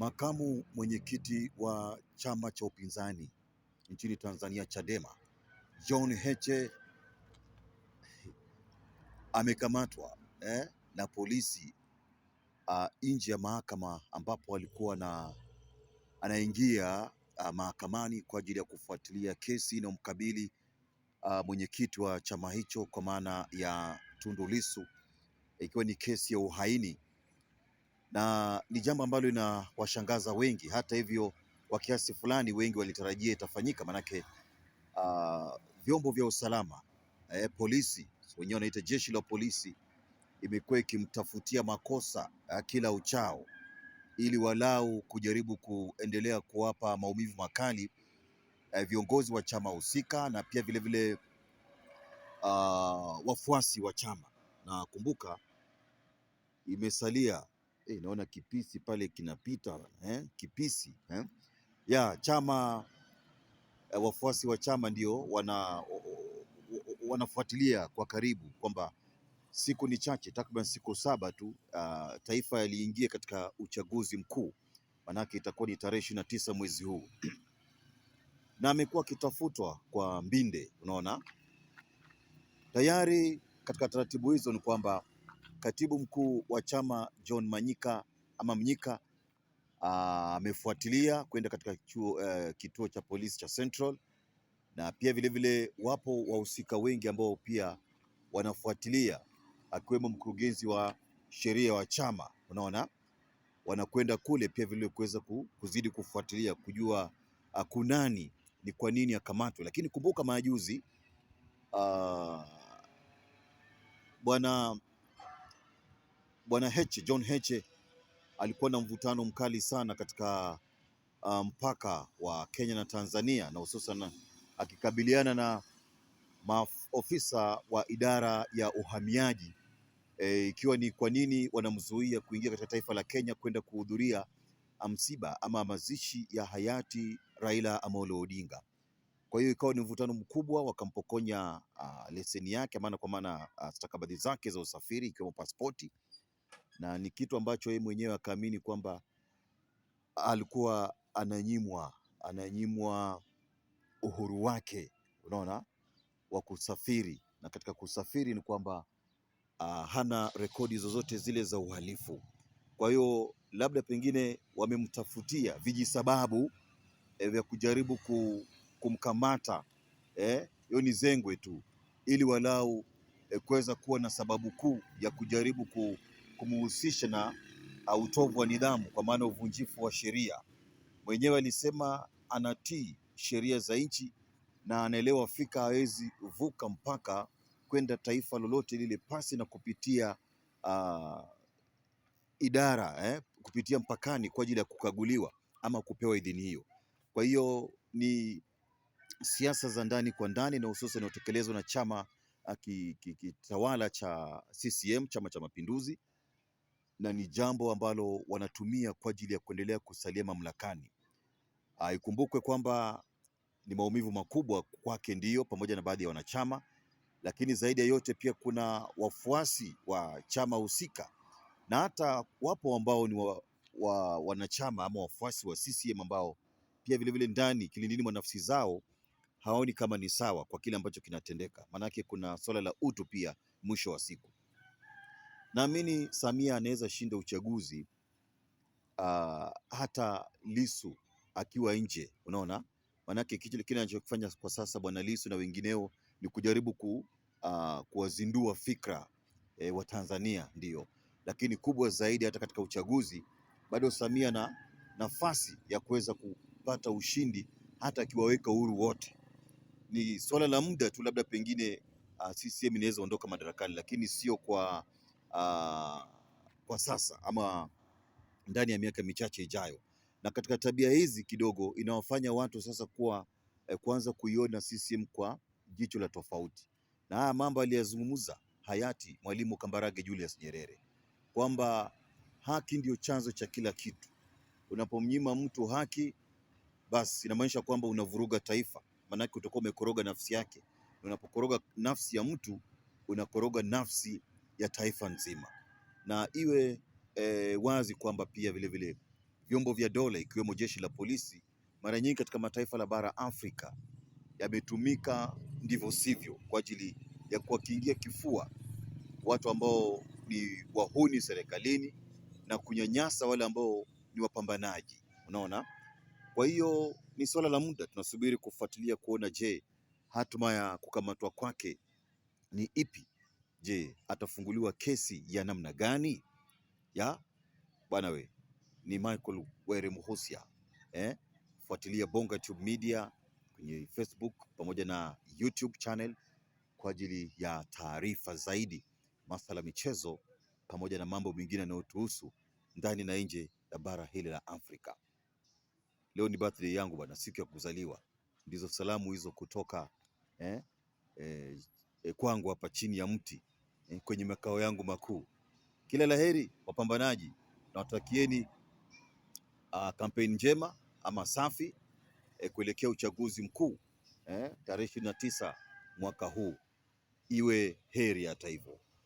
Makamu mwenyekiti wa chama cha upinzani nchini Tanzania Chadema, John Heche amekamatwa eh, na polisi uh, nje ya mahakama ambapo alikuwa na anaingia uh, mahakamani kwa ajili ya kufuatilia kesi inayomkabili uh, mwenyekiti wa chama hicho kwa maana ya Tundu Lissu ikiwa ni kesi ya uhaini na ni jambo ambalo linawashangaza wengi. Hata hivyo, kwa kiasi fulani wengi walitarajia itafanyika, manake uh, vyombo vya usalama eh, polisi wenyewe wanaita jeshi la polisi, imekuwa ikimtafutia makosa uh, kila uchao ili walau kujaribu kuendelea kuwapa maumivu makali uh, viongozi wa chama husika na pia vilevile vile, uh, wafuasi wa chama na kumbuka, imesalia eh, naona kipisi pale kinapita eh, kipisi eh. Ya chama eh, wafuasi wa chama ndio wana wanafuatilia kwa karibu kwamba siku ni chache, takriban siku saba tu uh, taifa yaliingia katika uchaguzi mkuu, manake itakuwa ni tarehe ishirini na tisa mwezi huu na amekuwa akitafutwa kwa mbinde. Unaona tayari katika taratibu hizo ni kwamba Katibu mkuu wa chama John Manyika ama Mnyika ah, amefuatilia kwenda katika chuo, uh, kituo cha polisi cha Central na pia vilevile vile wapo wahusika wengi ambao pia wanafuatilia akiwemo mkurugenzi wa sheria wa chama. Unaona, wanakwenda kule pia vile kuweza kuzidi kufuatilia kujua ah, kunani ni kwa nini akamatwe. Lakini kumbuka majuzi, uh, bwana Bwana Heche, John Heche alikuwa na mvutano mkali sana katika ah, mpaka um, wa Kenya na Tanzania na hususan akikabiliana na maofisa wa idara ya uhamiaji e, ikiwa ni kwa nini wanamzuia kuingia katika taifa la Kenya kwenda kuhudhuria ah, msiba ama mazishi ya hayati Raila Amolo Odinga. Kwa hiyo ikawa ni mvutano mkubwa, wakampokonya uh, ah, leseni yake maana kwa maana uh, stakabadhi zake za usafiri ikiwemo pasipoti na ni kitu ambacho yeye mwenyewe akaamini kwamba alikuwa ananyimwa ananyimwa uhuru wake, unaona, wa kusafiri, na katika kusafiri ni kwamba uh, hana rekodi zozote zile za uhalifu. Kwa hiyo labda pengine wamemtafutia vijisababu eh, vya kujaribu kumkamata eh, hiyo, ni zengwe tu, ili walau eh, kuweza kuwa na sababu kuu ya kujaribu ku kumuhusisha na ah, utovu wa nidhamu, kwa maana uvunjifu wa sheria. Mwenyewe alisema anatii sheria za nchi na anaelewa fika hawezi vuka mpaka kwenda taifa lolote lile pasi na kupitia uh, idara eh, kupitia mpakani kwa ajili ya kukaguliwa ama kupewa idhini hiyo. Kwa hiyo ni siasa za ndani kwa ndani na hususan inayotekelezwa na chama ah, kitawala cha CCM, Chama cha Mapinduzi na ni jambo ambalo wanatumia kwa ajili ya kuendelea kusalia mamlakani. Ah, ikumbukwe kwamba ni maumivu makubwa kwake, ndiyo, pamoja na baadhi ya wanachama, lakini zaidi ya yote pia kuna wafuasi wa chama husika na hata wapo ambao ni wa, wa, wanachama ama wafuasi wa CCM ambao pia vilevile ndani kilindini mwa nafsi zao hawaoni kama ni sawa kwa kile ambacho kinatendeka. Maanake kuna swala la utu pia mwisho wa siku. Naamini Samia anaweza shinda uchaguzi uh, hata Lisu akiwa nje, unaona maanake kile kinachofanya kwa sasa bwana Lisu na wengineo ni kujaribu ku, uh, kuwazindua fikra e, wa Tanzania ndio, lakini kubwa zaidi hata katika uchaguzi bado Samia na nafasi ya kuweza kupata ushindi hata akiwaweka uhuru wote. Ni swala la muda tu, labda pengine uh, ah, CCM inaweza ondoka madarakani, lakini sio kwa uh, kwa sasa ama ndani ya miaka michache ijayo. Na katika tabia hizi kidogo inawafanya watu sasa kuwa eh, kuanza kuiona CCM kwa jicho la tofauti, na haya mambo aliyazungumza hayati Mwalimu Kambarage Julius Nyerere kwamba haki ndiyo chanzo cha kila kitu. Unapomnyima mtu haki, basi inamaanisha kwamba unavuruga taifa, maanake utakuwa umekoroga nafsi yake. Unapokoroga nafsi ya mtu, unakoroga nafsi ya taifa nzima, na iwe e, wazi kwamba pia vilevile vile, vyombo vya dola ikiwemo jeshi la polisi mara nyingi katika mataifa la bara Afrika yametumika ndivyo sivyo kwa ajili ya kuwakingia kifua watu ambao ni wahuni serikalini na kunyanyasa wale ambao ni wapambanaji, unaona. Kwa hiyo ni swala la muda, tunasubiri kufuatilia kuona, je, hatima ya kukamatwa kwake ni ipi, Je, atafunguliwa kesi ya namna gani? ya bwana we ni Michael Were Muhusia eh? Fuatilia Bonga Tube Media kwenye Facebook pamoja na YouTube channel kwa ajili ya taarifa zaidi, masala michezo pamoja na mambo mengine yanayotuhusu ndani na nje ya bara hili la Afrika. Leo ni birthday yangu bwana, siku ya kuzaliwa. Ndizo salamu hizo kutoka eh, eh, kwangu hapa chini ya mti kwenye makao yangu makuu. Kila laheri wapambanaji, nawatakieni uh, ah, kampeni njema ama safi eh, kuelekea uchaguzi mkuu eh, tarehe ishirini na tisa mwaka huu. Iwe heri hata hivyo.